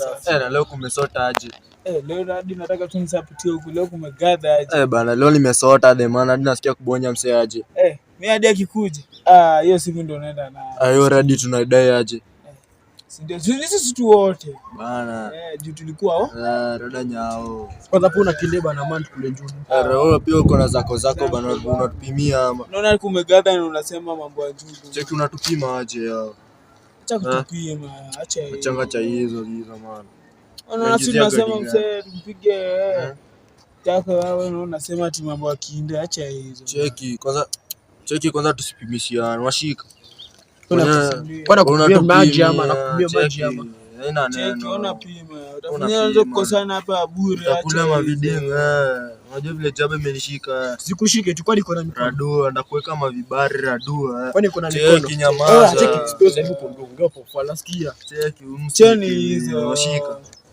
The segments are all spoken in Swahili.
Eh, leo kumesota aje? Eh, leo hadi nataka tu nisapitie huku leo kumegadha aje? Eh, bana leo nimesota hadi maana hadi nasikia kubonya mse aje. Eh, mimi hadi akikuja. Ah, hiyo simu ndio naenda na. Ah, hiyo radi tunadai aje? Eh, si ndio sisi tu wote. Bana. Eh, juu tulikuwa oh. Ah, rada nyao. Kwanza pia unakimbia bana man kule juu. Ah, wewe pia uko na zako zako bana unatupimia ama. Naona kumegadha na unasema mambo ya juu. Cheki unatupima aje yao. Acha eh? kutupie acha hiyo. Acha hizo hizo maana. Ona sisi tunasema eh. Eh? wewe unasema ati mambo akinde acha hizo. Cheki kwanza cheki kwanza tusipimishiane washika. Kuna maji ama nakumbia maji ama. Haina neno. Cheki ona pima. Utafanya kukosana hapa bure acha. Kuna mavideo. Unajua vile jaba imenishika. Sikushike tu kwani kuna mikono. Radua na kuweka mavibari radua. Kwani kuna mikono. Ah, cheki nyamaza. Cheki expose hapo ndio ngapo falasikia. Cheki umsi. Cheni hizo. Washika.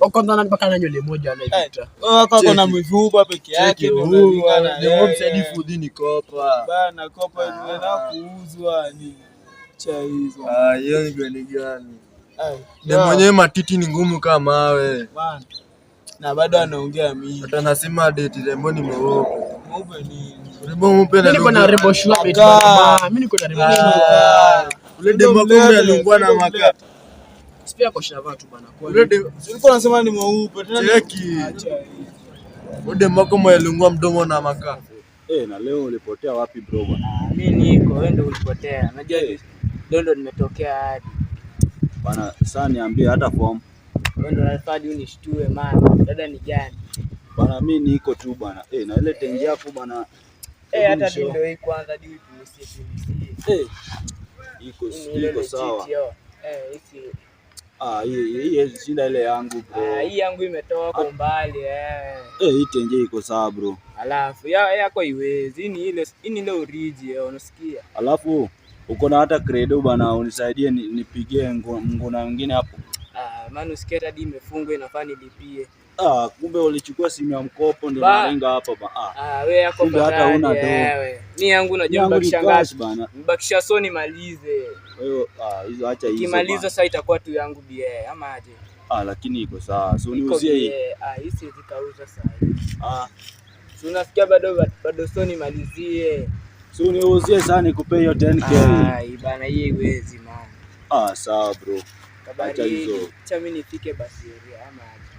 Okonza eh, mifupa peke yake. Ah. kuuzwa ni ah, hiyo ni gani gani? Eh, na mwenyewe matiti ni ngumu kama mawe. Na bado anaongea mimi. Hata nasema date rembo ni mweupe. rembo mweupe na. niko na rembo Mimi niko na rembo ah. Ule demo alikuwa na Spia kwa shina watu bwana. Ulikuwa unasema ni mweupe tena. Cheki. Ode mako mwelungua mdomo na makaa. Eh, na leo ulipotea wapi bro bwana? Mimi niko wewe ndio ulipotea. Unajua hivi. Eh. Ndio ndio nimetokea hadi. Bwana, sasa niambie hata form. Wewe ndio unafadi unishtue maana. Dada ni gani? Bana, mimi niko tu bana. Eh, na ile tengi eh. yako bana. Eh, hata ndio hii kwanza ndio tusisie. Eh. Iko sawa. Eh, hiki Ah, hii shida ile yangu bro. Ah, hii yangu imetoka mbali eh. Eh, hii tenje iko sawa bro. Alafu yako iwezi. ni ile ni ile origi eh, unasikia? Alafu uko na hata credo bana, unisaidie nipigie ngona mwingine hapo. Ah, maana usikia hadi imefungwa inafaa nilipie. Ah, kumbe ulichukua simu ya mkopo ndio nalenga hapa ba. Ah, ah wewe yako hata una do. Mimi yangu na jambo mbakisha ngapi bana. Mbakisha so ni malize. Wewe ah, hizo acha hizo. Kimaliza sasa itakuwa tu yangu bie ama aje? Ah, lakini iko sawa. So niuzie ah, hii. Ah, hii si zikauza sasa. Ah. So unasikia bado bado so ni malizie. So niuzie sasa nikupe hiyo 10k. Ah, bana hii haiwezi mama. Ah, sawa bro. Acha hizo. Cha mimi nifike basi ama aje?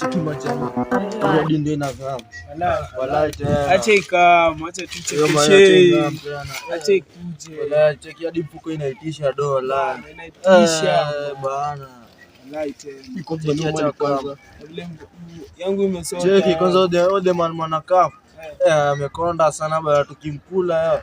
chituma cha redi ndio inavaa. Wallahi tena. Acha ikam, acha tuchekeshe. Acha ikuje. Wallahi cheki hadi mfuko inaitisha do wallahi. Inaitisha eh, bana. Wallahi tena. Kwanza. Yangu imesonga. Cheki kwanza ode man mwanakafu. Eh. Eh, amekonda sana bana tukimkula.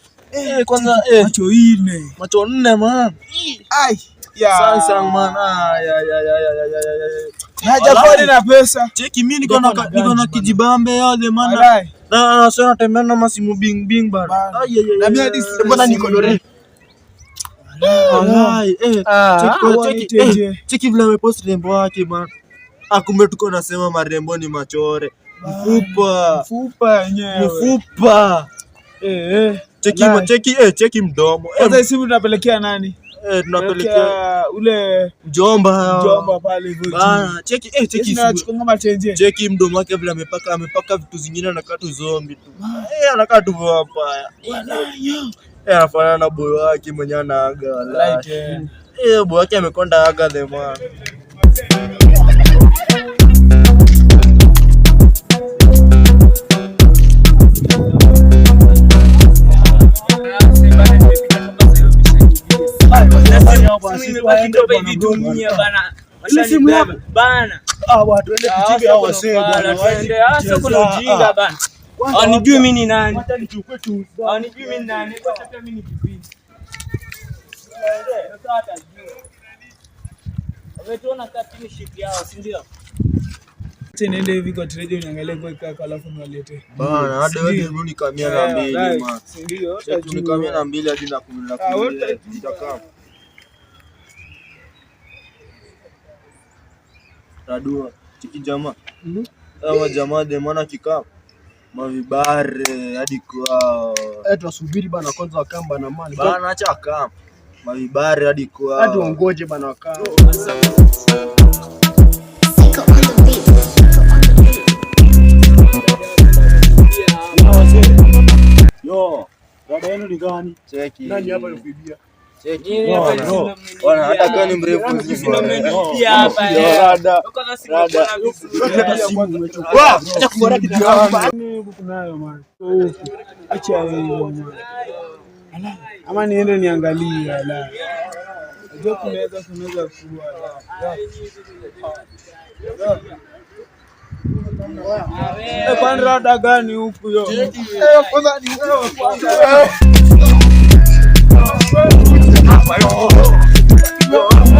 Eh, eh kwanza eh. macho nne. Macho nne man. Ai. niko na kijibambe yale natembea na masimu bing bing ah, Cheki vile rembo wake man. Akumbe ah, tuko nasema marembo ni machore. Mfupa. Mfupa Cheki cheki eh, cheki mdomo. Sasa eh, simu tunapelekea nani? Eh, tunapelekea ule mjomba. Mjomba pale hivyo. Ah, cheki eh, cheki simu tunachukua sura. Cheki mdomo wake vile amepaka amepaka vitu zingine anakaa tu zombi tu. Eh, anakaa tu hapa. Eh, anafanana na boy wake mwenye anaaga. like eh. eh, boy wake amekonda aga the man. Wanijui ah, ah, ah, mimi ni nani? Wanijui mimi ni Niende hivi kwa treje niangalie kwa kaka, alafu niwalete bana. Hadi wewe hebu nikamia na eh, mbili, ma ndio nikamia na mbili hadi na kumi na kumi nitakaa matadua chiki jamaa mhm. ama jamaa de maana kikaa mavibare hadi kwao. Eh, tusubiri bana kwanza wakamba bana mali. Bana acha wakamba. Mavibare hadi kwa Hadi ongoje bana wakamba. Yo, dada yenu ni gani? Cheki. Nani hapa yukuibia? hata ni mrefu ama niende niangalie ala eh, rada gani huku yo eh, my own. No.